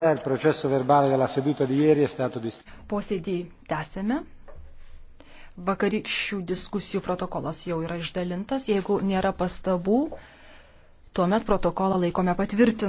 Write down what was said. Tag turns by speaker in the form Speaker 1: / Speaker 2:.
Speaker 1: Il processo verbale della seduta di ieri è stato distribuito.
Speaker 2: Posėdį tęsėme. Vakarykščių diskusijų protokolas jau yra išdalintas. Jeigu nėra pastabų, tuomet protokolą laikome patvirtintą.